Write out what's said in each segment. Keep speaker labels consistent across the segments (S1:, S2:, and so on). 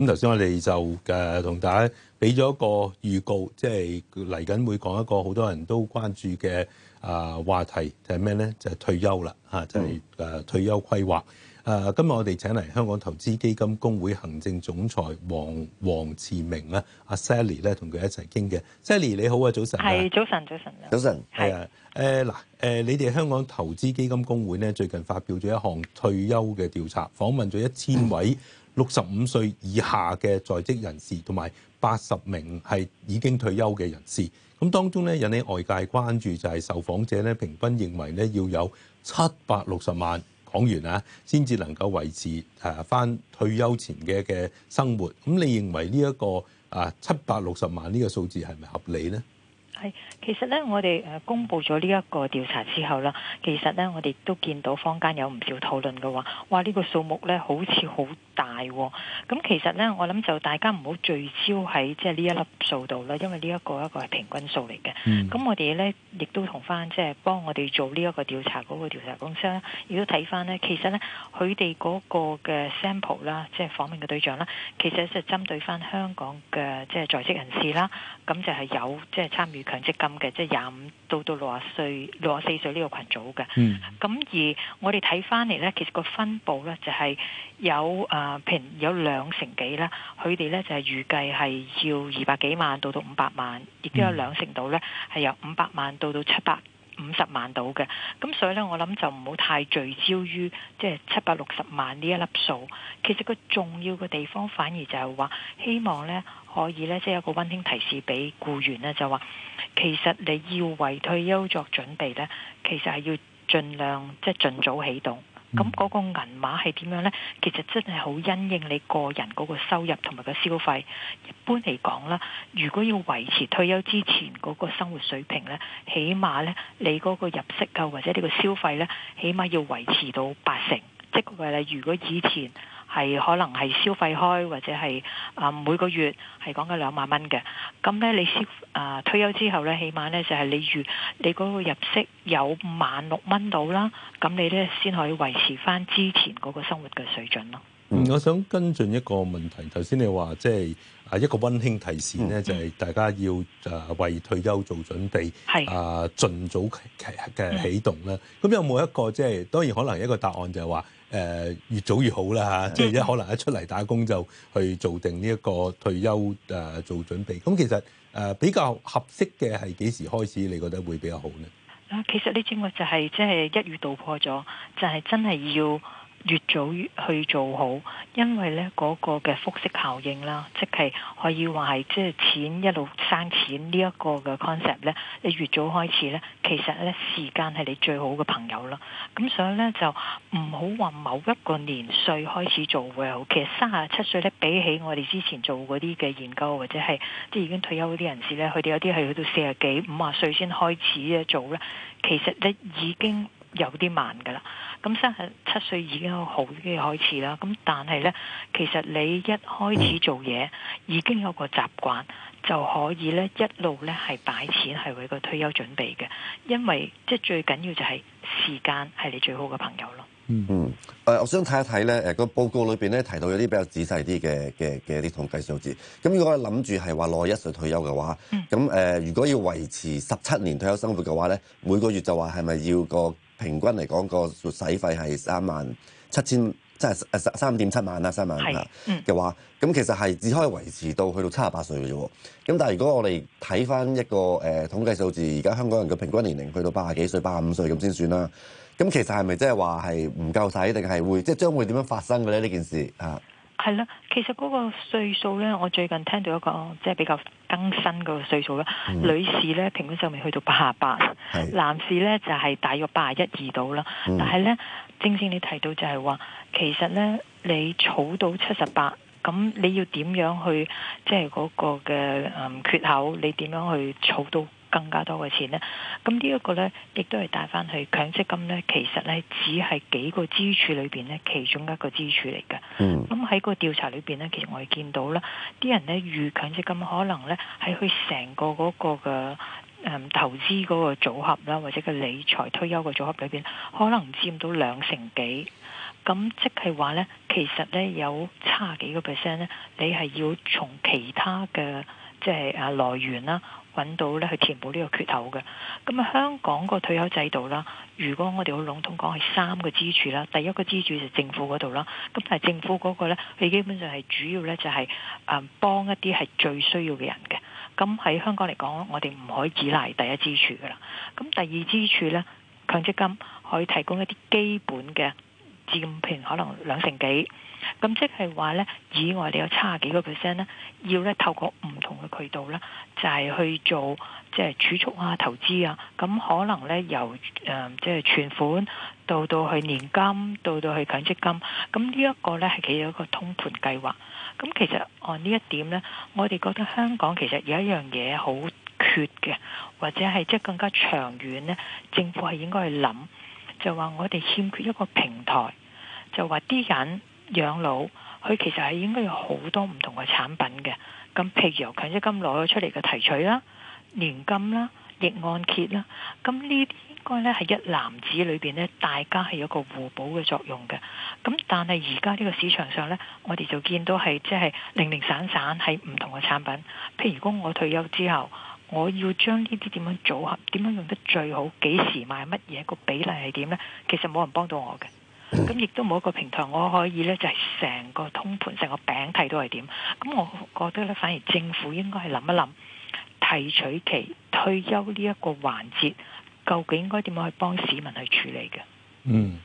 S1: 咁頭先我哋就嘅同大家俾咗一個預告，即係嚟緊會講一個好多人都關注嘅啊話題，就係咩咧？就係、是、退休啦，嚇，就係、是、誒退休規劃。誒，今日我哋請嚟香港投資基金公會行政總裁黃王慈明咧，阿 Sally 咧，同佢一齊傾嘅。Sally 你好啊，早晨。係早晨，早晨。早晨係啊，誒嗱，誒你哋香港投資基金公會咧，最近發表咗一項退休嘅調查，訪問咗一千位六十五歲以下嘅在職人士，同埋八十名係已經退休嘅人士。咁當中咧，引起外界關注就係、是、受訪者咧，平均認為咧要，要有七百六十萬人人。講完啊，先至能夠維持誒返、啊、退休前嘅嘅生活。咁、啊、你認為呢、這、一個啊七百六十萬呢個數字係咪合理呢？
S2: 係，其實咧我哋誒公佈咗呢一個調查之後啦，其實咧我哋都見到坊間有唔少討論嘅話，哇！呢、這個數目咧好似好大喎，咁其實呢，我諗就大家唔好聚焦喺即係呢一粒數度啦，因為呢一個一個係平均數嚟嘅。咁我哋呢，亦都同翻即係幫我哋做呢一個調查嗰個調查公司啦，亦都睇翻呢。其實呢，佢哋嗰個嘅 sample 啦，即係訪問嘅對象啦，其實就係針對翻香港嘅即係在職人士啦，咁就係有即係參與強積金嘅，即係廿五，到到六十歲六十四歲呢個群組嘅，咁、嗯、而我哋睇翻嚟呢，其實個分佈呢就係有誒，譬如、呃、有兩成幾啦，佢哋呢就係預計係要二百幾萬到到五百萬，亦都有兩成度呢係由五百萬到到七百五十萬到嘅，咁所以呢，我諗就唔好太聚焦於即係七百六十萬呢一粒數，其實個重要嘅地方反而就係話希望呢。可以呢，即係有個溫馨提示俾僱員呢，就話其實你要為退休作準備那那呢，其實係要盡量即係盡早起動。咁嗰個銀碼係點樣呢？其實真係好因應你個人嗰個收入同埋個消費。一般嚟講啦，如果要維持退休之前嗰個生活水平呢，起碼呢，你嗰個入息夠或者呢個消費呢，起碼要維持到八成。即係話，如果以前。係可能係消費開或者係啊、嗯、每個月係講緊兩萬蚊嘅，咁咧你消啊、呃、退休之後咧起碼咧就係你月你嗰個入息有萬六蚊到啦，咁你咧先可以維持翻之前嗰個生活嘅水準咯。嗯，
S1: 我想跟進一個問題，頭先你話即係啊一個溫馨提示咧，嗯、就係大家要啊為退休做準備，係、嗯、啊盡早期嘅啟動啦。咁、嗯、有冇一個即係、就是，當然可能一個答案就係話。誒、呃、越早越好啦嚇，即係可能一出嚟打工就去做定呢一個退休誒、呃、做準備。咁、呃、其實誒、呃、比較合適嘅係幾時開始？你覺得會比較好呢？
S2: 啊，其實呢啲話就係即係一語道破咗，就係、是、真係要。越早越去做好，因為呢嗰、嗰個嘅複息效應啦，即係可以話係即係錢一路生錢、這個、呢一個嘅 concept 咧。你越早開始呢，其實呢時間係你最好嘅朋友啦。咁所以呢，就唔好話某一個年歲開始做嘅好，其實卅七歲呢，比起我哋之前做嗰啲嘅研究或者係即係已經退休嗰啲人士呢，佢哋有啲係去到四啊幾五啊歲先開始做呢。其實呢已經。有啲慢㗎喇，咁三十七歲已經好嘅開始啦。咁但係咧，其實你一開始做嘢，嗯、已經有個習慣，就可以咧一路咧係擺錢係為個退休準備嘅。因為即係最緊要就係時間係你最好嘅朋友咯、嗯。嗯
S3: 嗯，誒，我想睇一睇咧誒，個報告裏邊咧提到有啲比較仔細啲嘅嘅嘅啲統計數字。咁如果諗住係話攞一歲退休嘅話，咁誒、呃、如果要維持十七年退休生活嘅話咧，每個月就話係咪要個？平均嚟講個使費係三萬七千，即係誒三點七萬啦，三萬嘅是話，咁、嗯、其實係只可以維持到去到七十八歲嘅啫。咁但係如果我哋睇翻一個誒、呃、統計數字，而家香港人嘅平均年齡去到八十幾歲、八十五歲咁先算啦。咁其實係咪即係話係唔夠使，定係會即係將會點樣發生嘅咧？呢件事啊？
S2: 係啦，其實嗰個歲數咧，我最近聽到一個即係比較更新嗰個歲數啦。嗯、女士咧平均壽命去到八十八，男士咧就係、是、大約八十一二度啦。但係咧，晶晶你提到就係話，其實咧你儲到七十八，咁你要點樣去即係嗰個嘅缺口？你點樣去儲到？更加多嘅錢呢，咁呢一個呢，亦都係帶翻去強積金呢。其實呢，只係幾個支柱裏邊呢，其中一個支柱嚟嘅。咁喺、嗯、個調查裏邊呢，其實我哋見到啦，啲人呢預強積金可能呢，喺佢成個嗰個嘅、嗯、投資嗰個組合啦，或者個理財退休嘅組合裏邊，可能佔到兩成幾。咁即係話呢，其實呢，有差幾個 percent 呢，你係要從其他嘅。即係啊，來源啦，揾到咧去填補呢個缺口嘅。咁啊，香港個退休制度啦，如果我哋好籠統講係三個支柱啦。第一個支柱就政府嗰度啦，咁但係政府嗰個咧，佢基本上係主要咧就係啊幫一啲係最需要嘅人嘅。咁喺香港嚟講，我哋唔可以倚賴第一支柱噶啦。咁第二支柱咧，強積金可以提供一啲基本嘅。佔平可能兩成幾，咁即係話呢，以外，你有差幾個 percent 呢，要呢透過唔同嘅渠道呢，就係、是、去做即係儲蓄啊、投資啊，咁可能呢，由、呃、即係存款到到去年金，到到去強積金，咁呢一個呢，係企咗一個通盤計劃。咁其實按呢一點呢，我哋覺得香港其實有一樣嘢好缺嘅，或者係即係更加長遠呢，政府係應該去諗，就話我哋欠缺一個平台。就話啲人養老，佢其實係應該有好多唔同嘅產品嘅。咁譬如強積金攞咗出嚟嘅提取啦、年金啦、逆按揭啦，咁呢啲應該咧係一籃子裏邊咧，大家係有一個互補嘅作用嘅。咁但係而家呢個市場上咧，我哋就見到係即係零零散散喺唔同嘅產品。譬如如果我退休之後，我要將呢啲點樣組合、點樣用得最好、幾時買乜嘢、個比例係點咧，其實冇人幫到我嘅。咁亦都冇一個平台我可以咧，就係、是、成個通盤成個餅睇到係點。咁我覺得咧，反而政府應該係諗一諗，提取期退休呢一個環節，究竟應該點樣去幫市民去處理嘅。嗯，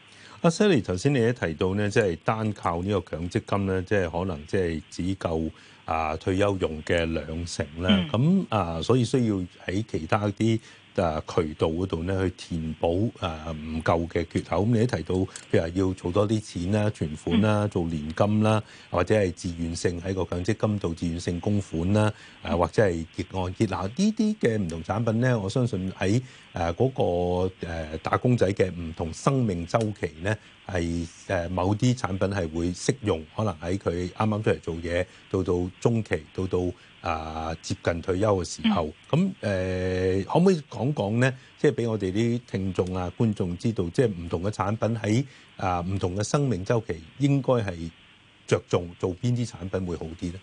S1: 阿 Sally 頭先你一提到呢，即、就、係、是、單靠呢個強積金咧，即、就、係、是、可能即係只夠啊、呃、退休用嘅兩成咧。咁啊、嗯呃，所以需要喺其他啲。誒、啊、渠道嗰度咧，去填補誒唔夠嘅缺口。咁、嗯、你都提到，譬如話要做多啲錢啦、存款啦、做年金啦，或者係自願性喺個強積金做自願性供款啦，誒、啊、或者係結案結。嗱呢啲嘅唔同產品咧，我相信喺誒嗰個、呃、打工仔嘅唔同生命周期咧。係誒、呃、某啲產品係會適用，可能喺佢啱啱出嚟做嘢，到到中期，到到啊、呃、接近退休嘅時候，咁誒、嗯呃、可唔可以講講呢？即係俾我哋啲聽眾啊、觀眾知道，即係唔同嘅產品喺啊唔同嘅生命周期應該係着重做邊啲產品會好啲呢？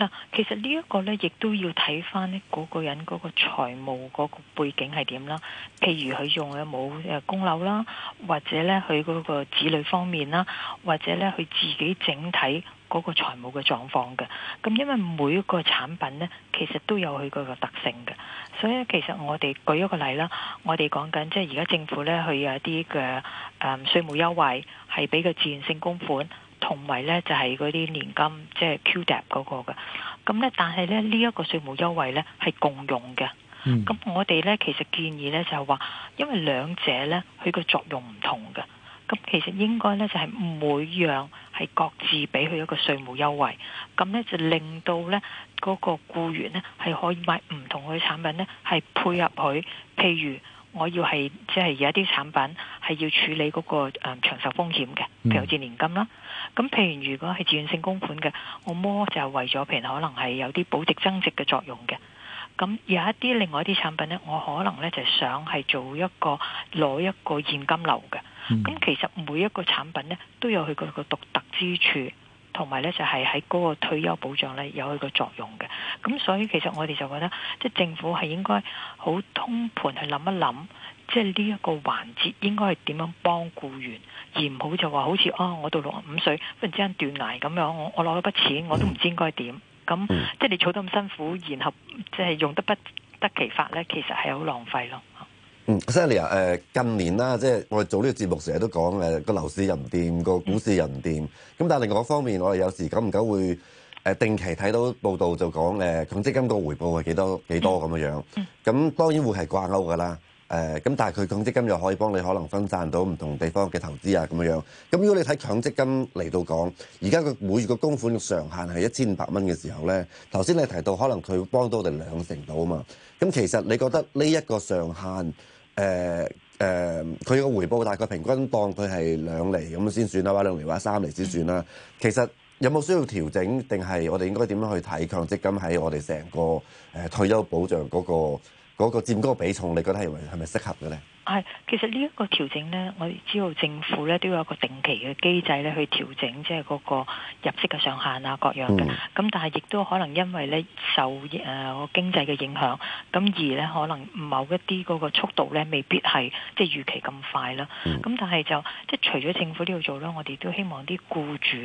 S2: 嗱，其實呢一個咧，亦都要睇翻咧嗰個人嗰個財務嗰個背景係點啦。譬如佢用嘅冇誒供樓啦，或者咧佢嗰個子女方面啦，或者咧佢自己整體嗰個財務嘅狀況嘅。咁因為每一個產品咧，其實都有佢嗰個特性嘅。所以其實我哋舉一個例啦，我哋講緊即係而家政府咧，佢有啲嘅誒稅務優惠係俾個自願性供款。同埋咧就係嗰啲年金，即係 QDAP 嗰個嘅。咁咧，但係咧呢一個稅務優惠咧係共用嘅。咁、嗯、我哋咧其實建議咧就係話，因為兩者咧佢個作用唔同嘅，咁其實應該咧就係每樣係各自俾佢一個稅務優惠。咁咧就令到咧嗰個僱員咧係可以買唔同嘅產品咧係配合佢，譬如。我要係即係有一啲產品係要處理嗰、那個誒、呃、長壽風險嘅，譬如好似年金啦。咁譬如如果係自願性供款嘅，我摸就係為咗譬如可能係有啲保值增值嘅作用嘅。咁有一啲另外一啲產品咧，我可能咧就是、想係做一個攞一個現金流嘅。咁其實每一個產品咧都有佢嗰個獨特之處。同埋咧就係喺嗰個退休保障咧有佢個作用嘅，咁所以其實我哋就覺得即係、就是、政府係應該好通盤去諗一諗，即係呢一個環節應該係點樣幫僱員，而唔好就話好似啊、哦、我到六十五歲忽然之間斷崖咁樣，我我攞咗筆錢我都唔知應該點，咁即係你儲得咁辛苦，然後即係用得不得其法咧，其實係好浪費咯。
S3: S 嗯 Sally 啊，誒、呃、近年啦，即係我哋做呢個節目，成日都講誒個樓市又唔掂，個股市又唔掂。咁但係另外一方面，我哋有時久唔久會誒定期睇到報道就講誒，強積金個回報係幾多幾多咁樣樣。咁當然會係掛鈎㗎啦。誒咁、嗯，但係佢強積金又可以幫你可能分散到唔同地方嘅投資啊咁樣。咁、嗯、如果你睇強積金嚟到講，而家個每月個供款上限係一千五百蚊嘅時候呢，頭先你提到可能佢幫到我哋兩成到啊嘛。咁、嗯、其實你覺得呢一個上限誒誒，佢、呃、個、呃、回報大概平均當佢係兩厘咁先算啦，話兩厘話三厘先算啦。其實有冇需要調整定係我哋應該點樣去睇強積金喺我哋成個、呃、退休保障嗰、那個？嗰個佔嗰個比重，你覺得係咪係咪適合嘅咧？係，
S2: 其實呢一個調整咧，我哋知道政府咧都有一個定期嘅機制咧去調整，即係嗰個入息嘅上限啊各樣嘅。咁但係亦都可能因為咧受誒個、呃、經濟嘅影響，咁而咧可能某一啲嗰個速度咧未必係即係預期咁快啦。咁、嗯、但係就即係除咗政府呢度做啦，我哋都希望啲雇主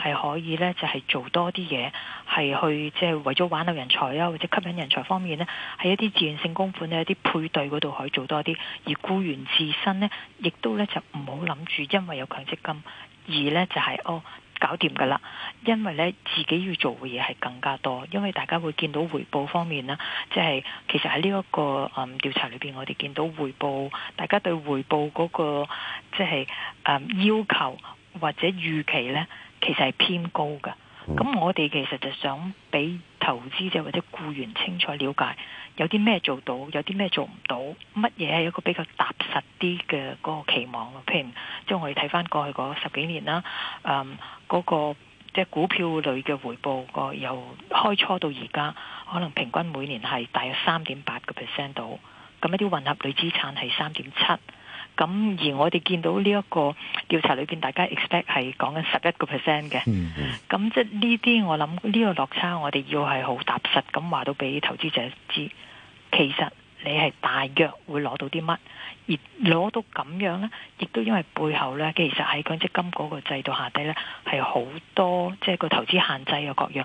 S2: 係可以咧就係、是、做多啲嘢，係去即係、就是、為咗挽留人才啊或者吸引人才方面咧，喺一啲自願性供款呢，一啲配對嗰度可以做多啲，而僱員自身呢，亦都咧就唔好諗住，因為有強積金，而呢，就係、是、哦搞掂噶啦。因為呢，自己要做嘅嘢係更加多，因為大家會見到回報方面啦，即係其實喺呢一個、嗯、調查裏邊，我哋見到回報，大家對回報嗰、那個即係、嗯、要求或者預期呢，其實係偏高噶。咁、嗯、我哋其實就想俾投資者或者僱員清楚了解。有啲咩做到，有啲咩做唔到，乜嘢係一個比較踏實啲嘅嗰個期望咯。譬如，即係我哋睇翻過去嗰十幾年啦，誒嗰個即係股票類嘅回報個由開初到而家，可能平均每年係大約三點八個 percent 度。咁一啲混合類資產係三點七。咁而我哋見到呢一個調查裏邊，大家 expect 係講緊十一個 percent 嘅。咁即係呢啲我諗呢個落差，我哋要係好踏實咁話到俾投資者知。其實你係大約會攞到啲乜，而攞到咁樣呢，亦都因為背後呢，其實喺強積金嗰個制度下底呢，係好多即係、就是、個投資限制嘅各樣，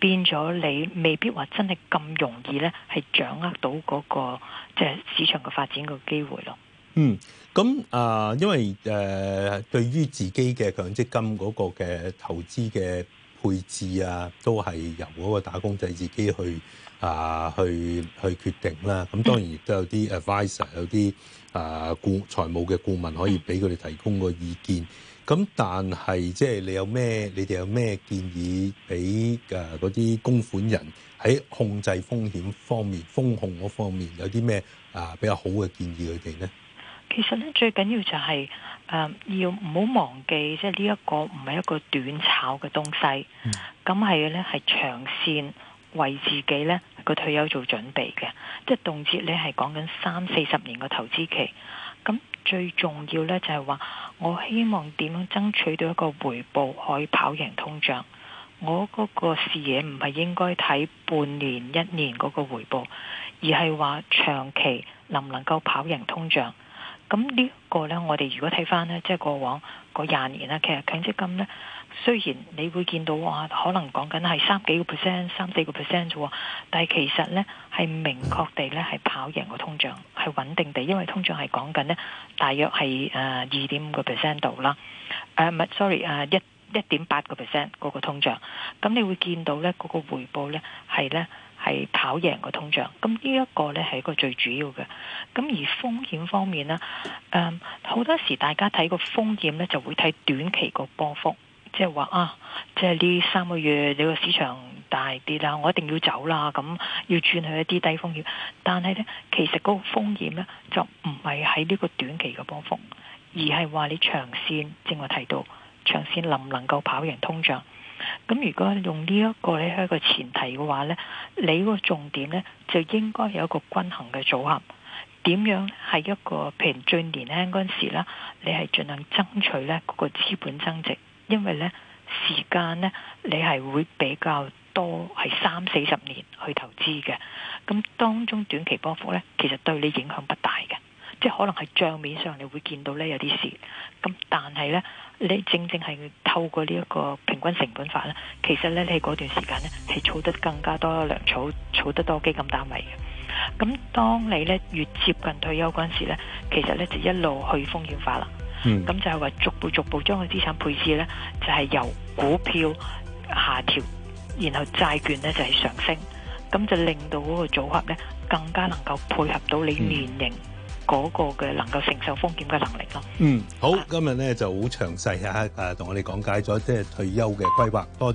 S2: 變咗你未必話真係咁容易呢，係掌握到嗰、那個即係、就是、市場嘅發展嘅機會咯、嗯。
S1: 嗯、咁、呃、啊，因為誒、呃，對於自己嘅強積金嗰個嘅投資嘅。配置啊，都係由嗰個打工仔自己去啊，去去決定啦。咁當然亦都有啲 advisor 有啲啊顧財務嘅顧問可以俾佢哋提供個意見，咁但係即係你有咩？你哋有咩建議俾誒嗰啲供款人喺控制風險方面、風控嗰方面有啲咩啊比較好嘅建議佢哋咧？
S2: 其實咧最緊要就係、是、誒、呃，要唔好忘記，即係呢一個唔係一個短炒嘅東西，咁係咧係長線為自己咧個退休做準備嘅，即係動輒你係講緊三四十年個投資期，咁最重要咧就係話我希望點樣爭取到一個回報可以跑贏通脹，我嗰個視野唔係應該睇半年一年嗰個回報，而係話長期能唔能夠跑贏通脹。咁呢個呢，我哋如果睇翻呢，即係過往個廿年啦，其實強積金呢，雖然你會見到哇，可能講緊係三幾個 percent、三四個 percent 啫喎，但係其實呢，係明確地呢，係跑贏個通脹，係穩定地，因為通脹係講緊呢，大約係誒二點五個 percent 度啦，誒唔係 sorry 誒一一點八個 percent 嗰個通脹，咁你會見到呢，嗰個回報呢，係呢，係跑贏個通脹，咁呢一個呢，係一個最主要嘅。咁而風險方面呢，誒、嗯、好多時大家睇個風險呢，就會睇短期個波幅，即係話啊，即係呢三個月你個市場大跌啦，我一定要走啦，咁要轉去一啲低風險。但係呢，其實個風險呢，就唔係喺呢個短期嘅波幅，而係話你長線，正話提到，長線能唔能夠跑贏通脹？咁如果用呢一個咧一個前提嘅話呢，你個重點呢，就應該有一個均衡嘅組合。點樣係一個？譬如最年輕嗰陣時啦，你係盡量爭取呢嗰個資本增值，因為呢時間呢，你係會比較多係三四十年去投資嘅。咁當中短期波幅呢，其實對你影響不大嘅。即係可能係帳面上你會見到呢，有啲蝕。咁但係呢，你正正係透過呢一個平均成本法呢，呢，呢，呢，其實呢，你喺嗰段時間呢，係儲得更加多糧草，儲得多基金單位嘅。咁當你呢越接近退休嗰陣時呢，其實呢就一路去風險化啦。咁就係話逐步逐步將個資產配置呢，就係由股票下調，然後債券呢就係上升，咁就令到嗰個組合呢，更加能夠配合到你年齡，嗯。
S1: 嗰個嘅能夠承受風險嘅能力咯。嗯，好，今日咧就好詳細吓。誒、啊，同我哋講解咗即係退休嘅規劃，多謝。